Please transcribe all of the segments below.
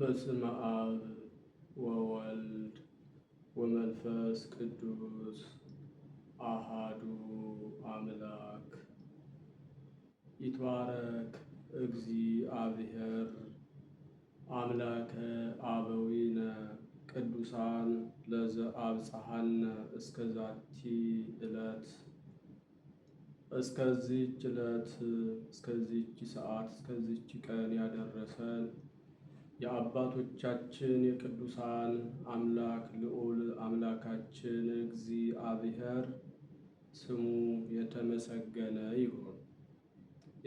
በስመ አብ ወወልድ ወመንፈስ ቅዱስ አሃዱ አምላክ ይትባረክ እግዚአብሔር አምላከ አበዊነ ቅዱሳን ለዘአብጽሐነ እስከዛቲ ዕለት እስከዚች ዕለት እስከዚች ሰዓት እስከዚች ቀን ያደረሰን የአባቶቻችን የቅዱሳን አምላክ ልዑል አምላካችን እግዚአብሔር ስሙ የተመሰገነ ይሁን።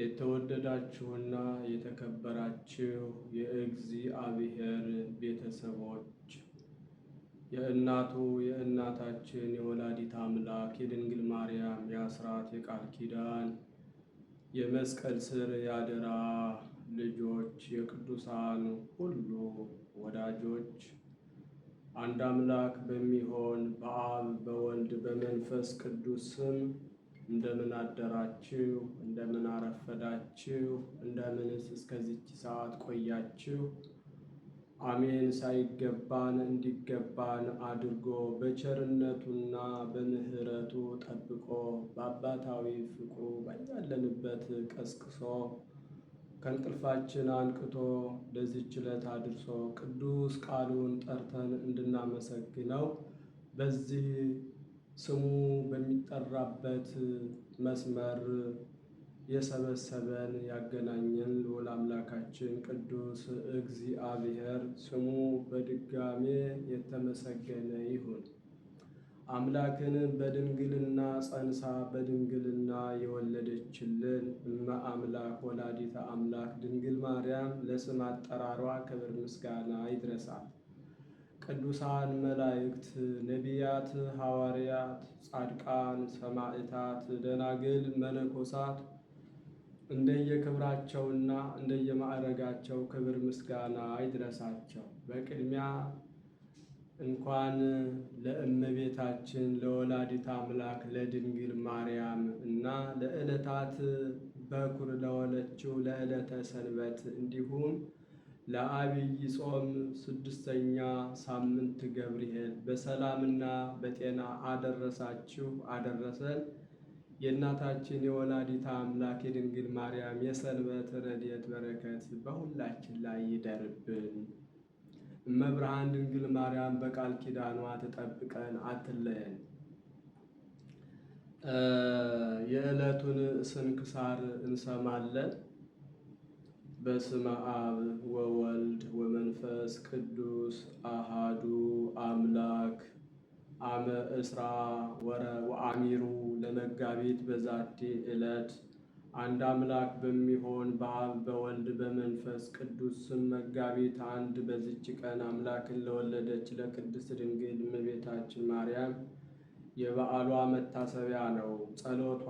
የተወደዳችሁና የተከበራችሁ የእግዚአብሔር ቤተሰቦች የእናቱ የእናታችን የወላዲት አምላክ የድንግል ማርያም የአስራት የቃል ኪዳን የመስቀል ስር የአደራ ልጆች የቅዱሳን ሁሉ ወዳጆች አንድ አምላክ በሚሆን በአብ በወልድ በመንፈስ ቅዱስ ስም እንደምን አደራችሁ? እንደምን አረፈዳችሁ? እንደምንስ እስከዚች ሰዓት ቆያችሁ? አሜን ሳይገባን እንዲገባን አድርጎ በቸርነቱና በምሕረቱ ጠብቆ በአባታዊ ፍቅሩ ባያለንበት ቀስቅሶ ከእንቅልፋችን አንቅቶ ለዚች ዕለት አድርሶ ቅዱስ ቃሉን ጠርተን እንድናመሰግነው በዚህ ስሙ በሚጠራበት መስመር የሰበሰበን ያገናኘን ልዑል አምላካችን ቅዱስ እግዚአብሔር ስሙ በድጋሜ የተመሰገነ ይሁን። አምላክን በድንግልና ጸንሳ በድንግልና የወለደችልን እመ አምላክ ወላዲተ አምላክ ድንግል ማርያም ለስም አጠራሯ ክብር ምስጋና ይድረሳል። ቅዱሳን መላእክት፣ ነቢያት፣ ሐዋርያት፣ ጻድቃን፣ ሰማዕታት፣ ደናግል፣ መነኮሳት እንደየክብራቸውና እንደየማዕረጋቸው ክብር ምስጋና ይድረሳቸው። በቅድሚያ እንኳን ለእመቤታችን ለወላዲት አምላክ ለድንግል ማርያም እና ለዕለታት በኩር ለሆነችው ለዕለተ ሰንበት እንዲሁም ለአብይ ጾም ስድስተኛ ሳምንት ገብርኤል በሰላምና በጤና አደረሳችሁ አደረሰን። የእናታችን የወላዲተ አምላክ የድንግል ማርያም የሰንበት ረድኤት በረከት በሁላችን ላይ ይደርብን። እመብርሃን ድንግል ማርያም በቃል ኪዳኗ ትጠብቀን አትለየን። የዕለቱን ስንክሳር እንሰማለን። በስመ አብ ወወልድ ወመንፈስ ቅዱስ አሃዱ አምላክ አመ እስራ ወረ ወአሚሩ ለመጋቢት በዛቲ ዕለት አንድ አምላክ በሚሆን በአብ በወልድ በመንፈስ ቅዱስ ስም መጋቢት አንድ በዚች ቀን አምላክን ለወለደች ለቅድስት ድንግል እመቤታችን ማርያም የበዓሏ መታሰቢያ ነው። ጸሎቷ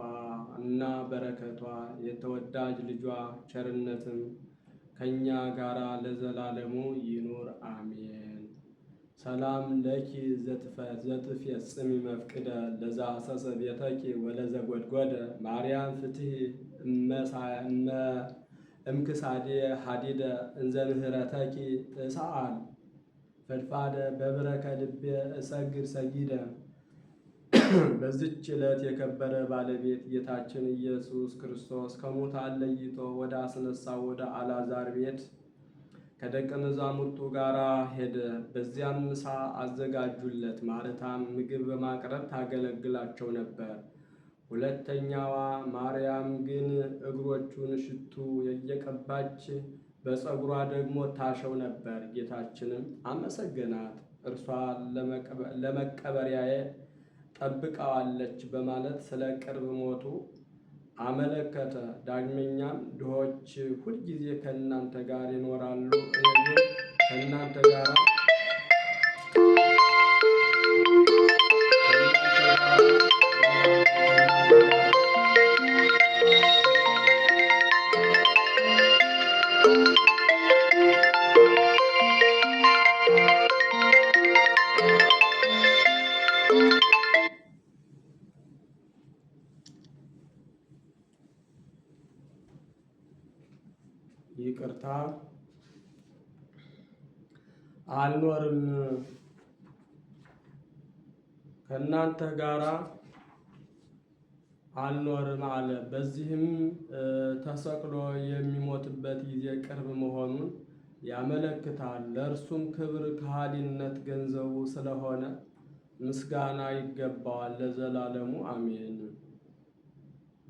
እና በረከቷ የተወዳጅ ልጇ ቸርነትም ከእኛ ጋራ ለዘላለሙ ይኑር አሜን። ሰላም ለኪ ዘትፌጽሚ መፍቅደ ለዛ ሐሰሰ ቤተኪ ወለዘ ጎድጎደ ማርያም ፍትህ እምክሳዴ ሀዲደ እንዘ ምህረተኪ ትስአል ፈድፋደ በብረከ ልቤ እሰግድ ሰጊደ። በዚች ዕለት የከበረ ባለቤት ጌታችን ኢየሱስ ክርስቶስ ከሙታን ለይቶ ወደ አስነሳው ወደ አላዛር ቤት ከደቀ መዛሙርቱ ጋር ሄደ። በዚያም ምሳ አዘጋጁለት። ማርታም ምግብ በማቅረብ ታገለግላቸው ነበር። ሁለተኛዋ ማርያም ግን እግሮቹን ሽቱ እየቀባች በፀጉሯ ደግሞ ታሸው ነበር። ጌታችንም አመሰገናት። እርሷ ለመቀበሪያዬ ጠብቀዋለች በማለት ስለ ቅርብ ሞቱ አመለከተ። ዳግመኛም ድሆች ሁልጊዜ ከእናንተ ጋር ይኖራሉ፣ ከእናንተ ጋር አልኖርም ከእናንተ ጋራ አልኖርም አለ። በዚህም ተሰቅሎ የሚሞትበት ጊዜ ቅርብ መሆኑን ያመለክታል። ለእርሱም ክብር ከሃሊነት ገንዘቡ ስለሆነ ምስጋና ይገባዋል ለዘላለሙ አሜን።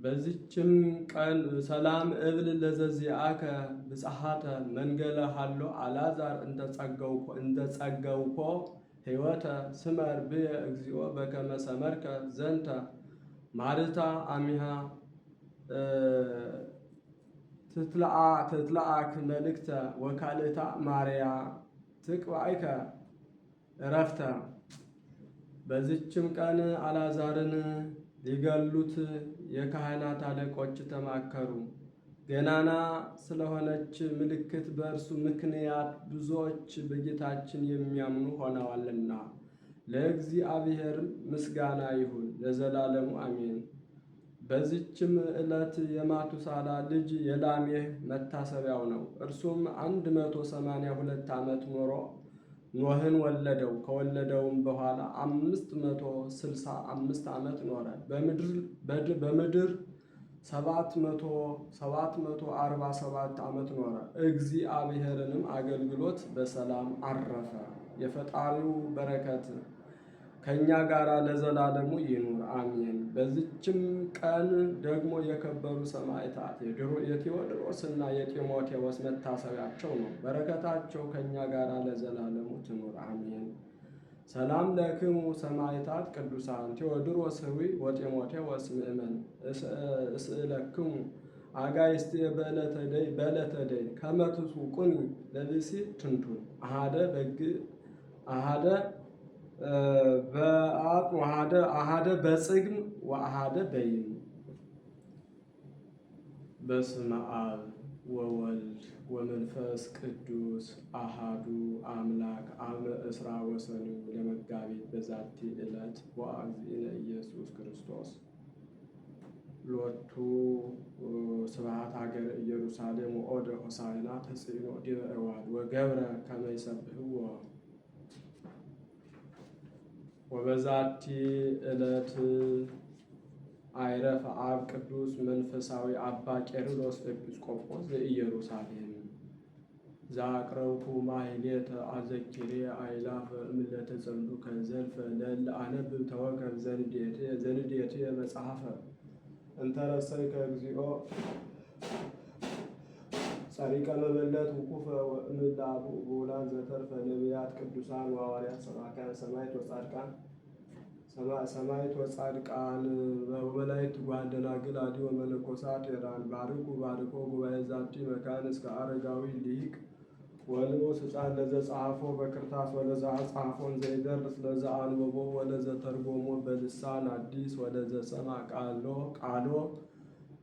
በዚችም ቀን ሰላም እብል ለዘዚአከ ብጽሐተ መንገለ ሃሎ አልዓዛር እንተጸገውኮ ሕይወተ ስመር ብየ እግዚኦ በከመ ሰመርከ ዘንተ ማርታ አሚሃ ትትለአክ መልእክተ ወካልእታ ማርያ ትቅባይከ እረፍተ። በዚችም ቀን አላዛርን ሊገሉት የካህናት አለቆች ተማከሩ። ገናና ስለሆነች ምልክት በእርሱ ምክንያት ብዙዎች በጌታችን የሚያምኑ ሆነዋልና ለእግዚአብሔር ምስጋና ይሁን ለዘላለሙ አሜን። በዚችም ዕለት የማቱሳላ ልጅ የላሜህ መታሰቢያው ነው። እርሱም አንድ ዓመት ኖሮ ኖህን ወለደው። ከወለደውም በኋላ አምስት መቶ ስልሳ አምስት ዓመት ኖረ። በምድር ሰባት መቶ ሰባት መቶ አርባ ሰባት ዓመት ኖረ። እግዚአብሔርንም አገልግሎት በሰላም አረፈ። የፈጣሪው በረከት ከእኛ ጋር ለዘላለሙ ይኑር አሜን። በዚችም ቀን ደግሞ የከበሩ ሰማዕታት የቴዎድሮስና የጢሞቴዎስ መታሰቢያቸው ነው። በረከታቸው ከእኛ ጋር ለዘላለሙ ትኑር አሜን። ሰላም ለክሙ ሰማዕታት ቅዱሳን ቴዎድሮስ ህዊ ወጢሞቴዎስ ምእመን እስእለክሙ አጋይስቴ በለተደይ በለተደይ ከመትቱ ቁን ለብሲ ትንቱ አሃደ በግ አሃደ በአብ ወአሐደ አሐደ በጽግም ወአሐደ በይም በስመ አብ ወወልድ ወመንፈስ ቅዱስ አሃዱ አምላክ አመ እስራ ወሰኑ ለመጋቢት በዛቲ ዕለት ወአግዝእነ ኢየሱስ ክርስቶስ ሎቱ ስብሐት ሀገረ ኢየሩሳሌም ወኦደ ሆሳዕና ተጽዕኖ ዲበ እዋል ወገብረ ከመ ይሰብሕዎ ወበዛቲ ዕለት አይረፈ አብ ቅዱስ መንፈሳዊ አባ ቄርሎስ ኤጲስቆጶስ ዘኢየሩሳሌም ዛቅረብኩ ማሕሌተ አዘኪሬ አእላፈ እምዕለተ ጸምዱ ከዘልፈ ለእለ አነብብ ተወከብ ዘንዴት የመጽሐፈ እንተረሰይ ከእግዚኦ ጻድቀ መበለት ውቁፈ ምልአቱ ብዑላን ዘተርፈ ነቢያት ቅዱሳን ዋዋርያት ሰማካን ሰማዕት ወጻድቃን ሰማዕት ወጻድቃን ወመላእክት ጓል ደናግል አድኅ ወመነኮሳት ኤራን ባርኩ ባርኮ ጉባኤ ዛቲ መካን እስከ አረጋዊ ሊቅ ወንዑስ ሕፃን ለዘ ጸሐፎ በክርታስ ወለዘ አጽሐፎን ዘይደርስ ለዘ አንበቦ ወለዘ ተርጎሞ በልሳን አዲስ ወለዘ ሰምዐ ቃሎ ቃሎ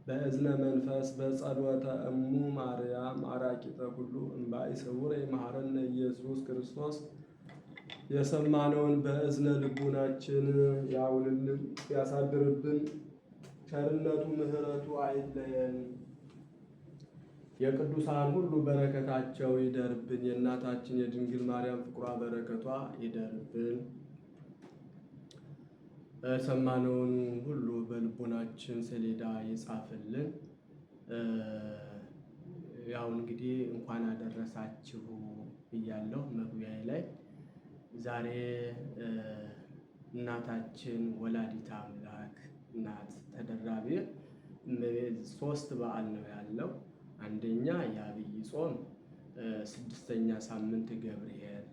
በእዝነ መንፈስ በጸሎተ እሙ ማርያም አራቂተ ሁሉ እምባይ ስውር የማህረነ ኢየሱስ ክርስቶስ የሰማነውን በእዝነ ልቡናችን ያውልልን ያሳድርብን። ቸርነቱ ምሕረቱ አይለየን። የቅዱሳን ሁሉ በረከታቸው ይደርብን። የእናታችን የድንግል ማርያም ፍቅሯ በረከቷ ይደርብን። ሰማነውን ሁሉ በልቦናችን ሰሌዳ የጻፈልን ያው እንግዲህ እንኳን አደረሳችሁ ብያለሁ መግቢያዬ ላይ። ዛሬ እናታችን ወላዲት አምላክ እናት ተደራቢ ሶስት በዓል ነው ያለው። አንደኛ የአብይ ጾም ስድስተኛ ሳምንት ገብርኤል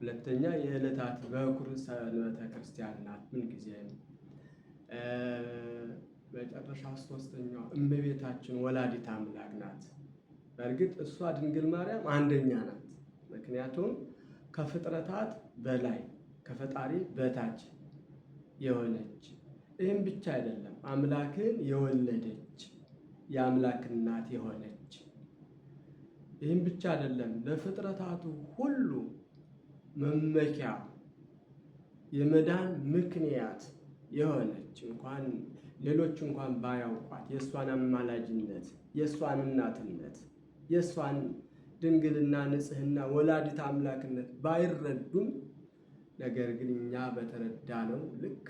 ሁለተኛ የዕለታት በኩር ሰንበተ ክርስቲያን ናት ምንጊዜም። መጨረሻ ሶስተኛው እመቤታችን ወላዲት አምላክ ናት። በእርግጥ እሷ ድንግል ማርያም አንደኛ ናት። ምክንያቱም ከፍጥረታት በላይ ከፈጣሪ በታች የሆነች ይህም ብቻ አይደለም፣ አምላክን የወለደች የአምላክ እናት የሆነች ይህም ብቻ አይደለም፣ ለፍጥረታቱ ሁሉ መመኪያ የመዳን ምክንያት የሆነች እንኳን ሌሎች እንኳን ባያውቋት የእሷን አማላጅነት፣ የእሷን እናትነት፣ የእሷን ድንግልና፣ ንጽህና ወላዲት አምላክነት ባይረዱም ነገር ግን እኛ በተረዳነው ልክ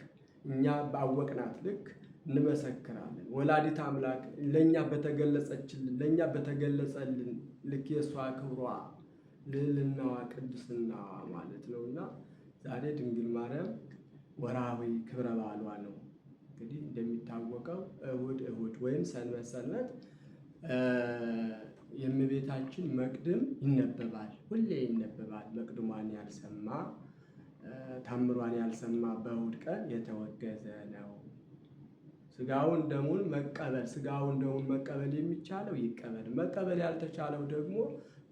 እኛ ባወቅናት ልክ እንመሰክራለን። ወላዲት አምላክ ለእኛ በተገለጸችልን ለእኛ በተገለጸልን ልክ የእሷ ክብሯ ልዕልናዋ ቅድስና ማለት ነው እና ዛሬ ድንግል ማርያም ወርሃዊ ክብረ በዓሏ ነው። እንግዲህ እንደሚታወቀው እሁድ እሁድ ወይም ሰንበት ሰንበት የእመቤታችን መቅድም ይነበባል፣ ሁሌ ይነበባል። መቅድሟን ያልሰማ ታምሯን ያልሰማ በእሁድ ቀን የተወገዘ ነው። ስጋውን ደሙን መቀበል ስጋውን ደሙን መቀበል የሚቻለው ይቀበል፣ መቀበል ያልተቻለው ደግሞ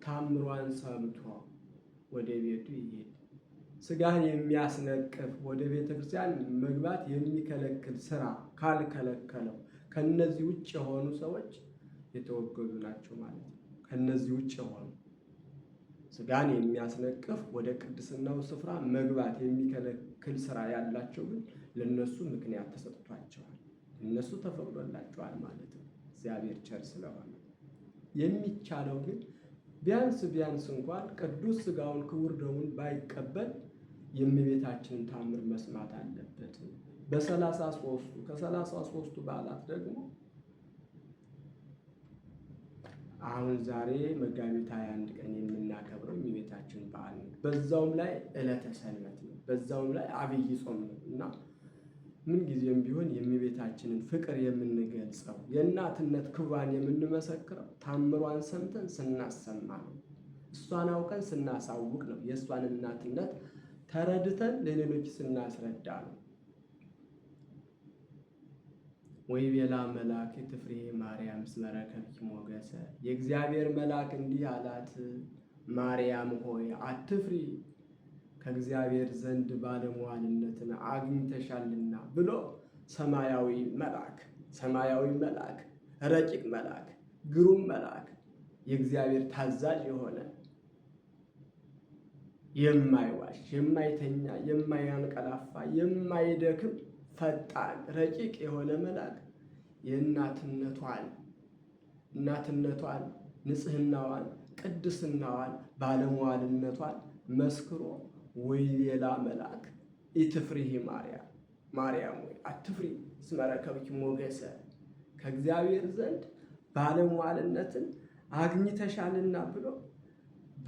ታምሯን ሰምቶ ወደ ቤቱ ይሄድ። ስጋን የሚያስነቅፍ ወደ ቤተ ክርስቲያን መግባት የሚከለክል ስራ ካልከለከለው ከነዚህ ውጭ የሆኑ ሰዎች የተወገዱ ናቸው ማለት ነው። ከነዚህ ውጭ የሆኑ ስጋን የሚያስነቅፍ ወደ ቅድስናው ስፍራ መግባት የሚከለክል ስራ ያላቸው ግን ለነሱ ምክንያት ተሰጥቷቸዋል፣ እነሱ ተፈቅዶላቸዋል ማለት ነው። እግዚአብሔር ቸር ስለሆነ የሚቻለው ግን ቢያንስ ቢያንስ እንኳን ቅዱስ ስጋውን ክቡር ደሙን ባይቀበል የእመቤታችንን ታምር መስማት አለበት። በሰላሳ ሶስቱ ከሰላሳ ሦስቱ በዓላት ደግሞ አሁን ዛሬ መጋቢት 21 ቀን የምናከብረው የእመቤታችን በዓል ነው። በዛውም ላይ ዕለተ ሰንበት ነው። በዛውም ላይ አብይ ጾም ነው እና ምንጊዜም ቢሆን የእመቤታችንን ፍቅር የምንገልጸው የእናትነት ክብሯን የምንመሰክረው ታምሯን ሰምተን ስናሰማ ነው። እሷን አውቀን ስናሳውቅ ነው። የእሷን እናትነት ተረድተን ለሌሎች ስናስረዳ ነው። ወይ ቤላ መልአክ ትፍሬ ማርያም እስመ ሞገሰ የእግዚአብሔር መልአክ እንዲህ አላት፣ ማርያም ሆይ አትፍሪ ከእግዚአብሔር ዘንድ ባለመዋልነትን አግኝተሻልና ብሎ ሰማያዊ መልአክ ሰማያዊ መልአክ ረቂቅ መልአክ ግሩም መልአክ የእግዚአብሔር ታዛዥ የሆነ የማይዋሽ የማይተኛ የማያንቀላፋ የማይደክም ፈጣን ረቂቅ የሆነ መልአክ የእናትነቷን እናትነቷን ንጽህናዋን ቅድስናዋን ባለመዋልነቷን መስክሮ ወይ ሌላ መልአክ ኢትፍሪሂ ማርያም ማርያም ወይ አትፍሪ እስመ ሞገሰ ከእግዚአብሔር ዘንድ ባለሟልነትን አግኝተሻልና ብሎ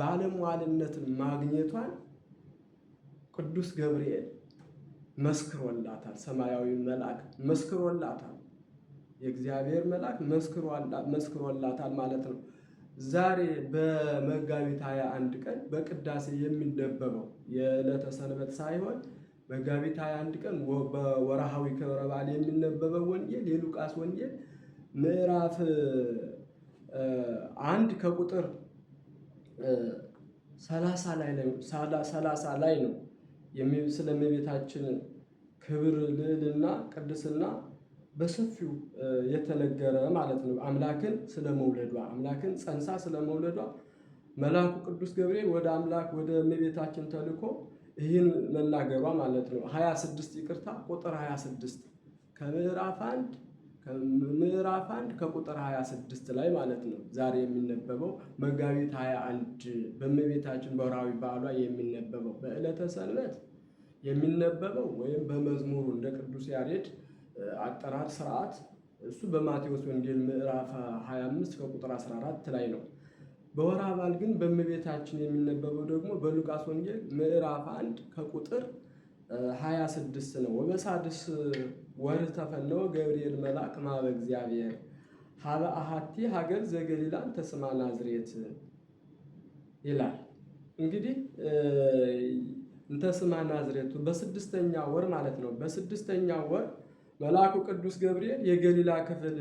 ባለሟልነትን ማግኘቷን ቅዱስ ገብርኤል መስክሮላታል። ሰማያዊ መልአክ መስክሮላታል። የእግዚአብሔር መልአክ መስክሮላታል ማለት ነው። ዛሬ በመጋቢት 21 ቀን በቅዳሴ የሚነበበው የዕለተ ሰንበት ሳይሆን መጋቢት 21 ቀን በወርሃዊ ክብረ በዓል የሚነበበው ወንጌል የሉቃስ ወንጌል ምዕራፍ አንድ ከቁጥር ሰላሳ ላይ ነው። ስለ እመቤታችን ክብር ልዕልና ቅድስና በሰፊው የተነገረ ማለት ነው። አምላክን ስለመውለዷ አምላክን ጸንሳ ስለመውለዷ መልአኩ ቅዱስ ገብርኤል ወደ አምላክ ወደ እመቤታችን ተልኮ ይህን መናገሯ ማለት ነው። 26 ይቅርታ፣ ቁጥር 26 ከምዕራፍ አንድ ምዕራፍ አንድ ከቁጥር 26 ላይ ማለት ነው። ዛሬ የሚነበበው መጋቢት 21 በእመቤታችን በወርሃዊ በዓሏ የሚነበበው በዕለተ ሰንበት የሚነበበው ወይም በመዝሙሩ እንደ ቅዱስ ያሬድ አጠራር ስርዓት እሱ በማቴዎስ ወንጌል ምዕራፍ 25 ከቁጥር 14 ላይ ነው። በወር አባል ግን በእመቤታችን የሚነበበው ደግሞ በሉቃስ ወንጌል ምዕራፍ 1 ከቁጥር 26 ነው። ወበሳድስ ወር ተፈነወ ገብርኤል መልአክ ማበ እግዚአብሔር ሀበ አሃቲ ሀገር ዘገሊላን ተስማ ናዝሬት ይላል። እንግዲህ እንተስማ ናዝሬቱ በስድስተኛ ወር ማለት ነው። በስድስተኛ ወር መልአኩ ቅዱስ ገብርኤል የገሊላ ክፍል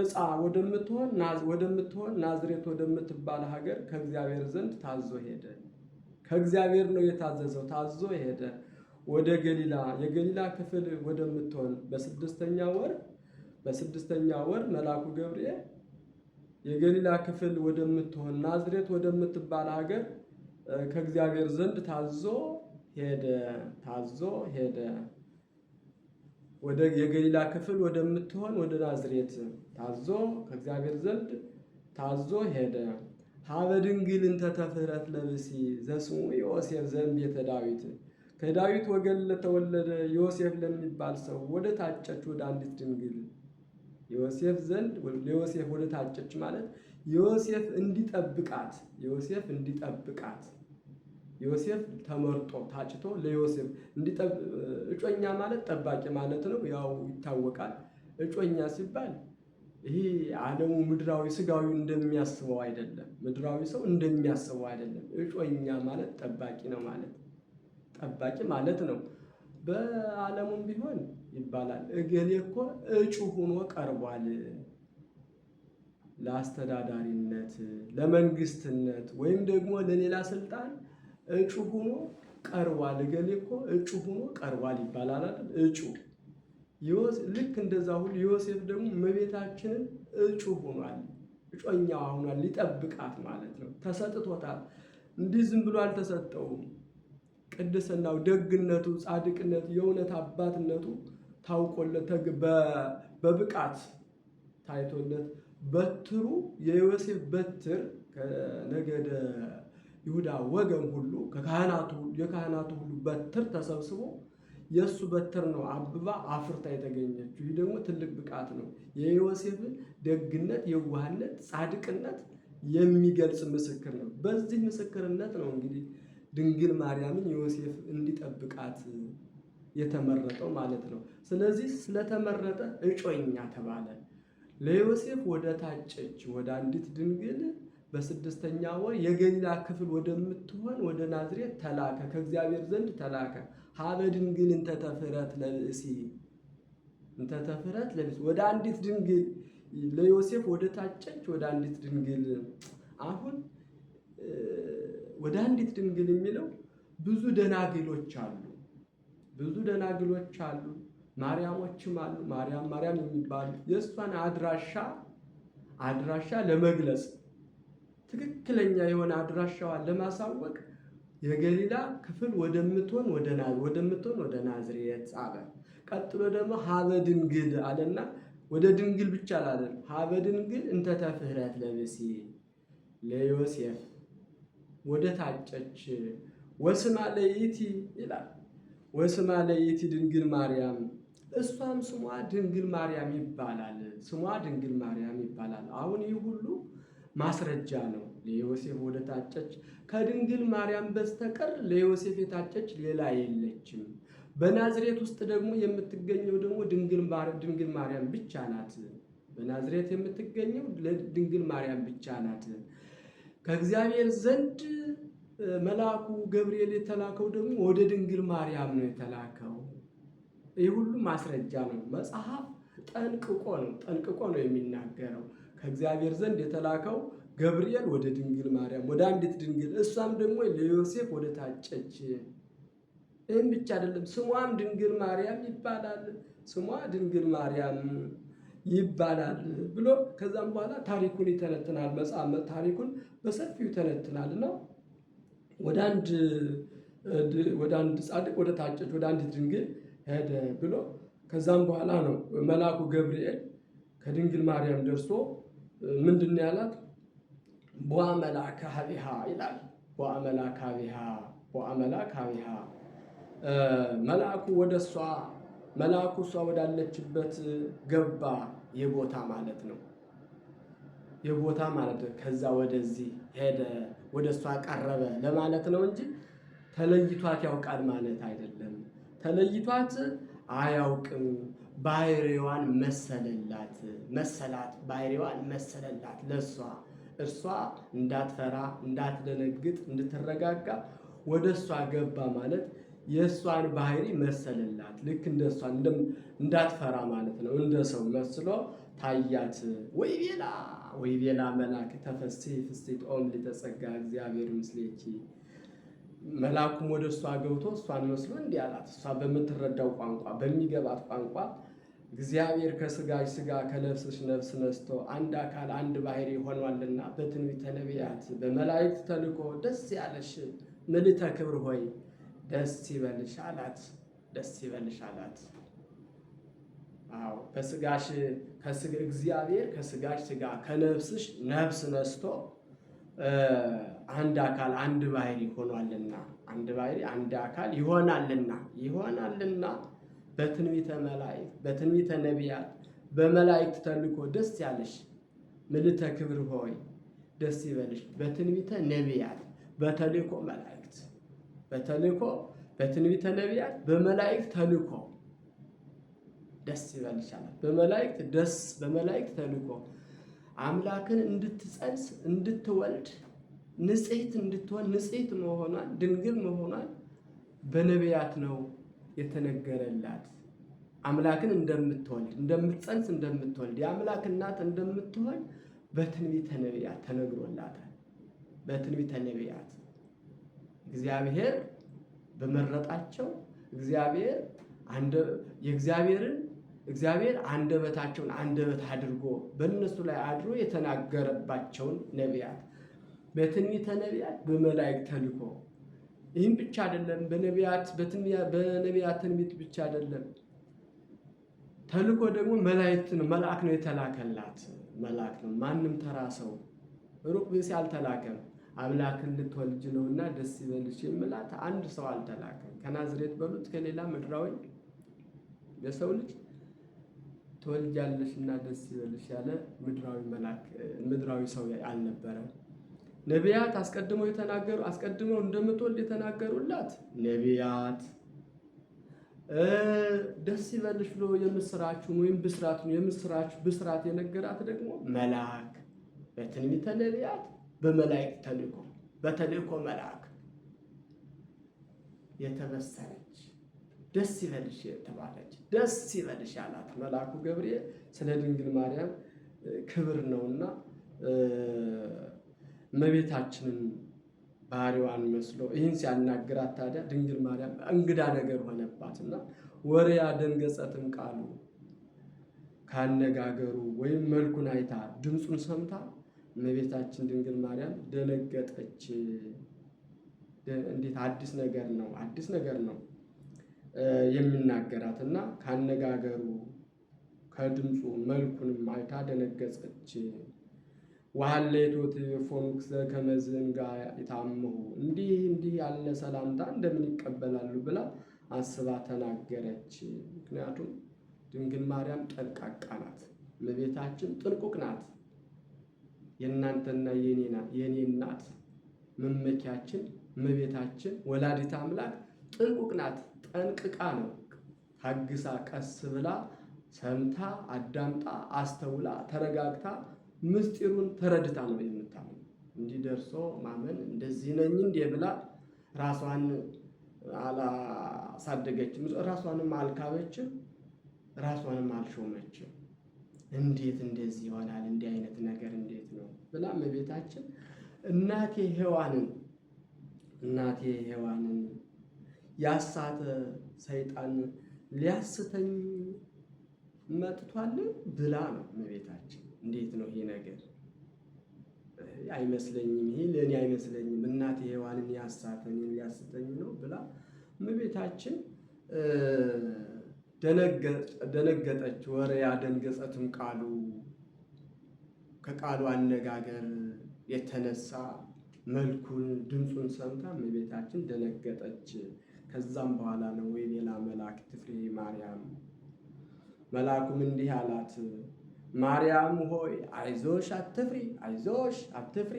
እጻ ወደምትሆን ወደምትሆን ናዝሬት ወደምትባል ሀገር ከእግዚአብሔር ዘንድ ታዞ ሄደ። ከእግዚአብሔር ነው የታዘዘው። ታዞ ሄደ ወደ ገሊላ የገሊላ ክፍል ወደምትሆን በስድስተኛ ወር በስድስተኛ ወር መልአኩ ገብርኤል የገሊላ ክፍል ወደምትሆን ናዝሬት ወደምትባል ሀገር ከእግዚአብሔር ዘንድ ታዞ ሄደ ታዞ ሄደ። ወደ የገሊላ ክፍል ወደምትሆን ወደ ናዝሬት ታዞ ከእግዚአብሔር ዘንድ ታዞ ሄደ። ሀበ ድንግል እንተ ለብሲ ዘስሙ ዮሴፍ ዘእምቤተ ዳዊት ከዳዊት ወገን ለተወለደ ዮሴፍ ለሚባል ሰው ወደ ታጨች ወደ አንዲት ድንግል ዮሴፍ ዘንድ ለዮሴፍ ወደ ታጨች ማለት ዮሴፍ እንዲጠብቃት ዮሴፍ እንዲጠብቃት ዮሴፍ ተመርጦ ታጭቶ ለዮሴፍ እጮኛ ማለት ጠባቂ ማለት ነው። ያው ይታወቃል። እጮኛ ሲባል ይሄ ዓለሙ ምድራዊ ስጋዊ እንደሚያስበው አይደለም። ምድራዊ ሰው እንደሚያስበው አይደለም። እጮኛ ማለት ጠባቂ ነው ማለት ጠባቂ ማለት ነው። በዓለሙም ቢሆን ይባላል እገሌ እኮ እጩ ሆኖ ቀርቧል ለአስተዳዳሪነት፣ ለመንግስትነት ወይም ደግሞ ለሌላ ስልጣን እጩ ሆኖ ቀርቧል፣ እገሌ እኮ እጩ ሆኖ ቀርቧል ይባላል አይደል? እጩ ልክ እንደዛ ሁሉ ዮሴፍ ደግሞ እመቤታችንን እጩ ሆኗል፣ እጮኛዋ ሁኗል ሊጠብቃት ማለት ነው። ተሰጥቶታል። እንዲህ ዝም ብሎ አልተሰጠውም። ቅድስናው፣ ደግነቱ፣ ጻድቅነቱ፣ የእውነት አባትነቱ ታውቆለት በብቃት ታይቶለት በትሩ የዮሴፍ በትር ከነገደ ይሁዳ ወገን ሁሉ ከካህናቱ የካህናቱ ሁሉ በትር ተሰብስቦ የእሱ በትር ነው አብባ አፍርታ የተገኘችው። ይህ ደግሞ ትልቅ ብቃት ነው። የዮሴፍን ደግነት፣ የዋህነት፣ ጻድቅነት የሚገልጽ ምስክር ነው። በዚህ ምስክርነት ነው እንግዲህ ድንግል ማርያምን ዮሴፍ እንዲጠብቃት የተመረጠው ማለት ነው። ስለዚህ ስለተመረጠ እጮኛ ተባለ። ለዮሴፍ ወደ ታጨች ወደ አንዲት ድንግል በስድስተኛ ወር የገሊላ ክፍል ወደምትሆን ወደ ናዝሬት ተላከ፣ ከእግዚአብሔር ዘንድ ተላከ። ሀበ ድንግል እንተ ተፍረት ለብእሲ እንተ ተፍረት ለብእሲ፣ ወደ አንዲት ድንግል ለዮሴፍ ወደ ታጨች ወደ አንዲት ድንግል። አሁን ወደ አንዲት ድንግል የሚለው ብዙ ደናግሎች አሉ፣ ብዙ ደናግሎች አሉ፣ ማርያሞችም አሉ። ማርያም ማርያም የሚባሉ የእሷን አድራሻ አድራሻ ለመግለጽ ትክክለኛ የሆነ አድራሻዋን ለማሳወቅ የገሊላ ክፍል ወደምትሆን ወደ ወደምትሆን ወደ ናዝሬት ጻፈ። ቀጥሎ ደግሞ ሀበ ድንግል አለና ወደ ድንግል ብቻ አላለም። ሀበ ድንግል እንተ ተፍህረት ለብሲ ለዮሴፍ ወደ ታጨች ወስማ ለይቲ ይላል። ወስማ ለይቲ ድንግል ማርያም እሷም ስሟ ድንግል ማርያም ይባላል። ስሟ ድንግል ማርያም ይባላል። አሁን ይህ ሁሉ ማስረጃ ነው። ለዮሴፍ ወደ ታጨች ከድንግል ማርያም በስተቀር ለዮሴፍ የታጨች ሌላ የለችም። በናዝሬት ውስጥ ደግሞ የምትገኘው ደግሞ ድንግል ማርያም ብቻ ናት። በናዝሬት የምትገኘው ለድንግል ማርያም ብቻ ናት። ከእግዚአብሔር ዘንድ መልአኩ ገብርኤል የተላከው ደግሞ ወደ ድንግል ማርያም ነው የተላከው። ይህ ሁሉ ማስረጃ ነው። መጽሐፍ ጠንቅቆ ነው ጠንቅቆ ነው የሚናገረው። ከእግዚአብሔር ዘንድ የተላከው ገብርኤል ወደ ድንግል ማርያም ወደ አንዲት ድንግል እሷም ደግሞ ለዮሴፍ ወደ ታጨች። ይህም ብቻ አይደለም፣ ስሟም ድንግል ማርያም ይባላል። ስሟ ድንግል ማርያም ይባላል ብሎ ከዛም በኋላ ታሪኩን ይተነትናል። መጽሐፍ ታሪኩን በሰፊው ይተነትናል እና ወደ አንድ ወደ አንድ ጻድቅ ወደ ታጨች ወደ አንዲት ድንግል ሄደ ብሎ ከዛም በኋላ ነው መልአኩ ገብርኤል ከድንግል ማርያም ደርሶ ምንድን ያላት ቦአመላካ ሀቢሃ ይላል። ቦአመላካ ሀቢሃ ቦአመላካ ሀቢሃ መልአኩ ወደ እሷ መልአኩ እሷ ወዳለችበት ገባ። የቦታ ማለት ነው። የቦታ ማለት ከዛ ወደዚህ ሄደ፣ ወደ እሷ ቀረበ ለማለት ነው እንጂ ተለይቷት ያውቃል ማለት አይደለም። ተለይቷት አያውቅም። ባህሪዋን መሰለላት መሰላት ባህሪዋን መሰለላት ለእሷ እርሷ እንዳትፈራ እንዳትደነግጥ እንድትረጋጋ ወደ እሷ ገባ ማለት የእሷን ባህሪ መሰለላት። ልክ እንደ እሷ እንዳትፈራ ማለት ነው። እንደ ሰው መስሎ ታያት። ወይ ቤላ ወይ ቤላ መላክ ተፈሥሒ ፍሥሕት ኦም ሊተጸጋ እግዚአብሔር ምስሌኪ መልአኩም ወደ እሷ ገብቶ እሷን መስሎ እንዲህ አላት። እሷ በምትረዳው ቋንቋ በሚገባት ቋንቋ እግዚአብሔር ከስጋሽ ስጋ ከነፍስሽ ነፍስ ነስቶ አንድ አካል አንድ ባሕርይ ሆኗልና በትንቢተ ነቢያት በመላእክት ተልኮ ደስ ያለሽ ምልዕተ ክብር ሆይ ደስ ይበልሽ አላት። ደስ ይበልሽ አላት። አዎ በስጋሽ እግዚአብሔር ከስጋሽ ስጋ ከነፍስሽ ነፍስ ነስቶ አንድ አካል አንድ ባህሪ ሆኗልና አንድ ባህሪ አንድ አካል ይሆናልና ይሆናልና በትንቢተ መላእክት በትንቢተ ነቢያት በመላእክት ተልኮ ደስ ያለሽ ምልዕተ ክብር ሆይ ደስ ይበልሽ። በትንቢተ ነቢያት በተልኮ መላእክት በተልኮ በትንቢተ ነቢያት በመላእክት ተልኮ ደስ ይበልሻል። በመላእክት ደስ በመላእክት ተልኮ አምላክን እንድትጸንስ እንድትወልድ ንጽሕት እንድትሆን ንጽሕት መሆኗን ድንግል መሆኗን በነቢያት ነው የተነገረላት። አምላክን እንደምትወልድ እንደምትጸንስ እንደምትወልድ የአምላክ እናት እንደምትሆን በትንቢተ ነቢያት ተነግሮላታል። በትንቢተ ነቢያት እግዚአብሔር በመረጣቸው እግዚአብሔር የእግዚአብሔርን እግዚአብሔር አንደበታቸውን አንደበት አድርጎ በእነሱ ላይ አድሮ የተናገረባቸውን ነቢያት በትንቢተ ነቢያት በመላእክት ተልኮ ይህም ብቻ አይደለም። በነቢያት በነቢያት ትንቢት ብቻ አይደለም። ተልኮ ደግሞ መላእክት ነው። መልአክ ነው የተላከላት። መልአክ ነው ማንም ተራ ሰው ሩቅ ብእሲ አልተላከም። አምላክን ነው እና ደስ ይበልሽ የምላት አንድ ሰው አልተላከም። ከናዝሬት በሉት ከሌላ ምድራዊ የሰው ልጅ እና ደስ ይበልሽ ያለ ምድራዊ መልአክ ምድራዊ ሰው አልነበረም። ነቢያት አስቀድመው የተናገሩ አስቀድመው እንደምትወልድ የተናገሩላት ነቢያት ደስ ይበልሽ ብሎ የምስራችን ወይም ብስራቱን የምስራች ብስራት የነገራት ደግሞ መልአክ በትንቢተ ነቢያት በመላእክት ተልእኮ በተልእኮ መልአክ የተበሰረ ደስ ይበልሽ ተባለች። ደስ ይበልሽ አላት መልአኩ ገብርኤል። ስለ ድንግል ማርያም ክብር ነውና እመቤታችንን ባህሪዋን መስሎ ይህን ሲያናግራት ታዲያ ድንግል ማርያም እንግዳ ነገር ሆነባትና ወሬ ያደንገጸትም ቃሉ ካነጋገሩ ወይም መልኩን አይታ ድምፁን ሰምታ እመቤታችን ድንግል ማርያም ደነገጠች። እንዴት አዲስ ነገር ነው! አዲስ ነገር ነው የሚናገራት እና ካነጋገሩ ከድምፁ መልኩንም አይታ ደነገጸች። ዋሃሌቶት ፎኑክሰ ከመዝን ጋር እንዲህ እንዲህ ያለ ሰላምታ እንደምን ይቀበላሉ ብላ አስባ ተናገረች። ምክንያቱም ድንግል ማርያም ጠንቃቃ ናት። እመቤታችን ጥንቁቅ ናት። የእናንተና የኔ እናት መመኪያችን እመቤታችን ወላዲት አምላክ ጥንቁቅ ናት። ጠንቅቃ ነው ታግሳ ቀስ ብላ ሰምታ አዳምጣ አስተውላ ተረጋግታ ምስጢሩን ተረድታ ነው የምታምን እንጂ ደርሶ ማመን እንደዚህ ነኝ እንዴ ብላ ራሷን አላሳደገችም፣ ራሷንም አልካበችም፣ ራሷንም አልሾመችም። እንዴት እንደዚህ ይሆናል? እንዲህ አይነት ነገር እንዴት ነው ብላ እመቤታችን እናቴ ሔዋንን እናቴ ሔዋንን ያሳተ ሰይጣን ሊያስተኝ መጥቷል ብላ ነው እመቤታችን። እንዴት ነው ይሄ ነገር? አይመስለኝም፣ ይሄ ለእኔ አይመስለኝም፣ እናቴ ሔዋንን ያሳተኝ ሊያስተኝ ነው ብላ እመቤታችን ደነገጠች። ወረ ያደንገጸትም ቃሉ ከቃሉ አነጋገር የተነሳ መልኩን ድምፁን ሰምታ እመቤታችን ደነገጠች። ከዛም በኋላ ነው የሌላ መልአክ ትፍሬ ማርያም። መልአኩም እንዲህ አላት፣ ማርያም ሆይ አይዞሽ አትፍሪ፣ አይዞሽ አትፍሪ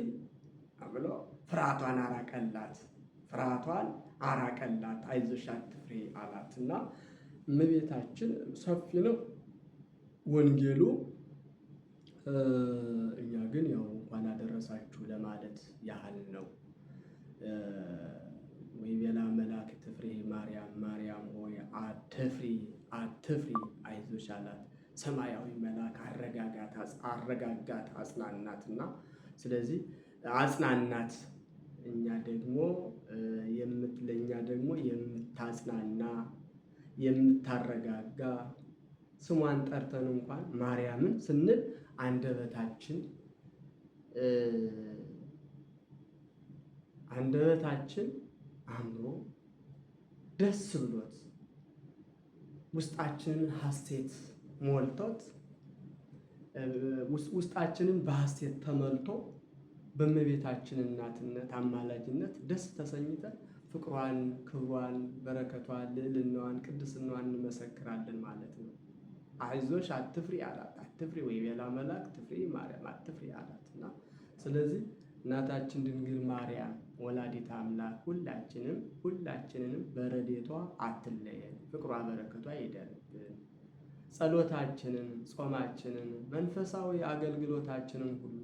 ብሎ ፍርሃቷን አራቀላት፣ ፍርሃቷን አራቀላት። አይዞሽ አትፍሪ አላት እና እመቤታችን ሰፊ ነው ወንጌሉ። እኛ ግን ያው እንኳን አደረሳችሁ ለማለት ያህል ነው። ወይቤላ መላእክት ትፍሪ ማርያም ማርያም ሆይ አትፍሪ አትፍሪ አይዞሽ አላት። ሰማያዊ መልአክ አረጋጋት አረጋጋት አጽናናት ስለዚህ አጽናናት እኛ ደግሞ ለእኛ ደግሞ የምታጽናና የምታረጋጋ ስሟን ጠርተን እንኳን ማርያምን ስንል አንደበታችን አንደበታችን አምሮ ደስ ብሎት ውስጣችንን ሀሴት ሞልቶት ውስጣችንን በሀሴት ተሞልቶ በእመቤታችን እናትነት አማላጅነት ደስ ተሰኝተን ፍቅሯን፣ ክብሯን፣ በረከቷን፣ ልዕልናዋን፣ ቅድስናዋን እንመሰክራለን ማለት ነው። አይዞሽ አትፍሪ አላት። አትፍሪ ወይ ቤላ መልአክ ትፍሪ ማርያም አትፍሪ አላት እና ስለዚህ እናታችን ድንግል ማርያም ወላዲት አምላክ ሁላችንም ሁላችንንም በረዴቷ አትለየን፣ ፍቅሯ በረከቷ ይደርብን። ጸሎታችንን፣ ጾማችንን፣ መንፈሳዊ አገልግሎታችንን ሁሉ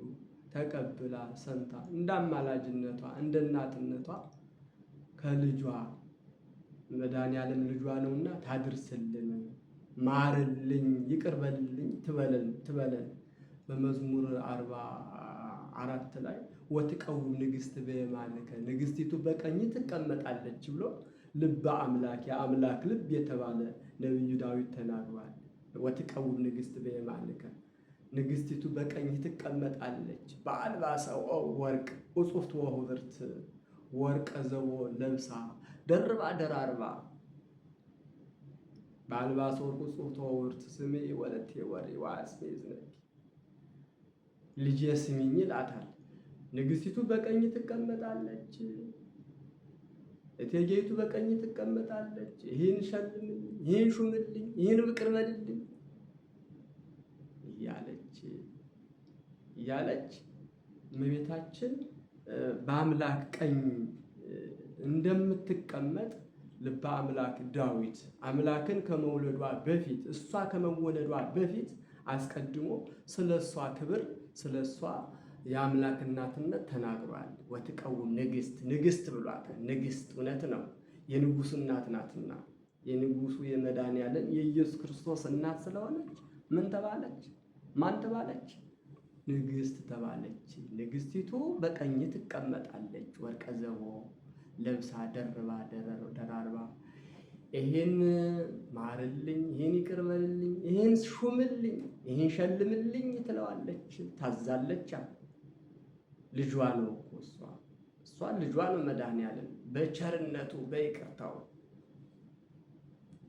ተቀብላ ሰምታ እንዳማላጅነቷ እንደናትነቷ እንደ እናትነቷ ከልጇ መድኃኔዓለም ልጇ ነውና ታድርስልን፣ ማርልኝ፣ ይቅርበልልኝ ትበለን ትበለን በመዝሙር አርባ አራት ላይ ወትቀውም ንግስት በየማንከ ንግስቲቱ በቀኝ ትቀመጣለች ብሎ ልበ አምላክ የአምላክ ልብ የተባለ ነቢዩ ዳዊት ተናግሯል። ወትቀውም ንግስት በየማንከ ንግስቲቱ በቀኝ ትቀመጣለች። በአልባሰው ወርቅ እጹፍት ወሁብርት ወርቀ ዘቦ ለብሳ ደርባ ደራርባ በአልባሰ ወርቁ ጽሑፍ ተወውርት ስሜ ወለቴ ወሬ ዋስሜ ዝነኪ ልጄ ስሚኝ ይላታል። ንግስቲቱ በቀኝ ትቀመጣለች፣ እቴጌይቱ በቀኝ ትቀመጣለች። ይህን ሸልምልኝ፣ ይህን ሹምልኝ፣ ይህን ብቅር በልልኝ እያለች እያለች እመቤታችን በአምላክ ቀኝ እንደምትቀመጥ ልበ አምላክ ዳዊት አምላክን ከመውለዷ በፊት እሷ ከመወለዷ በፊት አስቀድሞ ስለ እሷ ክብር ስለ እሷ የአምላክ እናትነት ተናግሯል። ወትቀውም ንግስት ንግስት ብሏታል። ንግስት እውነት ነው፣ የንጉሱ እናት ናትና የንጉሱ የመዳን የመድኃኒዓለም የኢየሱስ ክርስቶስ እናት ስለሆነች ምን ተባለች? ማን ተባለች? ንግስት ተባለች። ንግስቲቱ በቀኝ ትቀመጣለች፣ ወርቀ ዘቦ ለብሳ ደርባ ደራርባ ይሄን ማርልኝ፣ ይሄን ይቅርበልልኝ፣ ይሄን ሹምልኝ፣ ይሄን ሸልምልኝ ትለዋለች፣ ታዛለች። ልጇ ነው እኮ እሷ እሷ ልጇ ነው መድኃኒዓለም በቸርነቱ በይቅርታው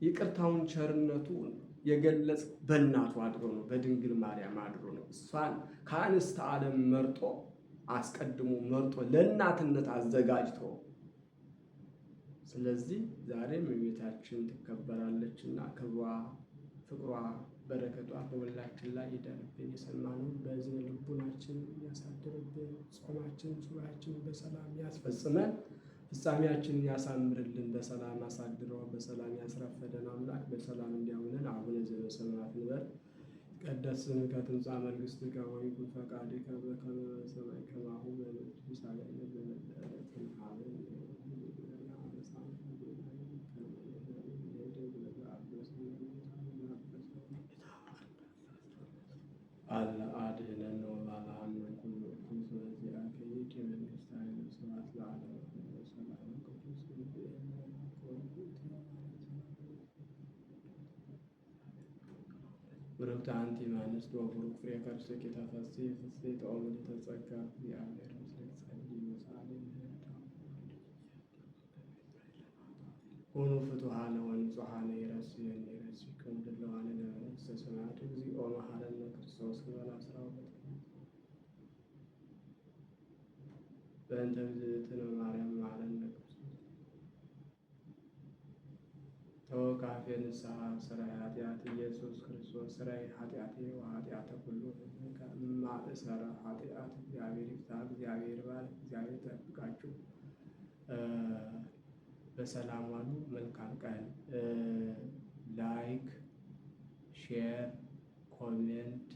ይቅርታውን ቸርነቱ የገለጽ በእናቱ አድሮ ነው በድንግል ማርያም አድሮ ነው እሷን ከአንስተ ዓለም መርጦ አስቀድሞ መርጦ ለእናትነት አዘጋጅቶ ስለዚህ ዛሬም እመቤታችን ትከበራለችና ክብሯ ፍቅሯ በረከቷ በሁላችን ላይ ይደርብን። የሰማነውን በዝነ ልቡናችን ያሳድርብን። ጾማችን ሱባኤያችን በሰላም ያስፈጽመን። ፍጻሜያችንን ያሳምርልን። በሰላም አሳድሮ በሰላም ያስረፈደን አምላክ በሰላም እንዲያውለን። አቡነ ዘበሰማያት ይትቀደስ ስምከ ትምጻእ መንግሥትከ ወይኩን ፈቃድከ በከመ በሰማይ ከማሁ በምድር አለ አድኅነን ወማላሃን ኩሉ እኩይ ስለዚአከ ይእቲ መንግስት ኃይለ ስብሐት ለዓለሙ ሁሉ ሰላም ቅዱስ ወረብታ አንቲ እምአንስት ወቡሩክ ፍሬ ከርሥኪ ተፈሥሒ ፍሥሕት ኦሙሊተ ጸጋ እግዚአብሔር ምስለ ጸልዪ ወሳሌም ሁኑ ፍቱሐነ ወንጹሐነ ይረስየኒ በእንተ እግዝእትነ ማርያም መሐረነ ተወካፌ ንስሐ ስራይ ኃጢአት ኢየሱስ ክርስቶስ ስራይ ኃጢአቴ ወኃጢአተ ኩሉ ማእሰረ ኃጢአት እግዚአብሔር ይፍታ። እግዚአብሔር ባል እግዚአብሔር ጠብቃችሁ በሰላም ዋሉ። መልካም ቀን። ላይክ ሼር ኮሜንት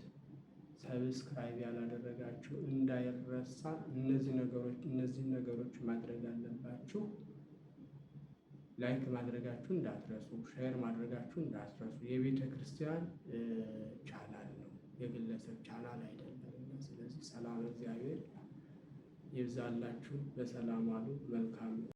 ሰብስክራይብ ያላደረጋችሁ እንዳይረሳ። እነዚህ ነገሮች እነዚህ ነገሮች ማድረግ አለባችሁ። ላይክ ማድረጋችሁ እንዳትረሱ፣ ሼር ማድረጋችሁ እንዳትረሱ። የቤተ ክርስቲያን ቻናል ነው፣ የግለሰብ ቻናል አይደለም። ስለዚህ ሰላም እግዚአብሔር ይብዛላችሁ። በሰላም አሉ መልካም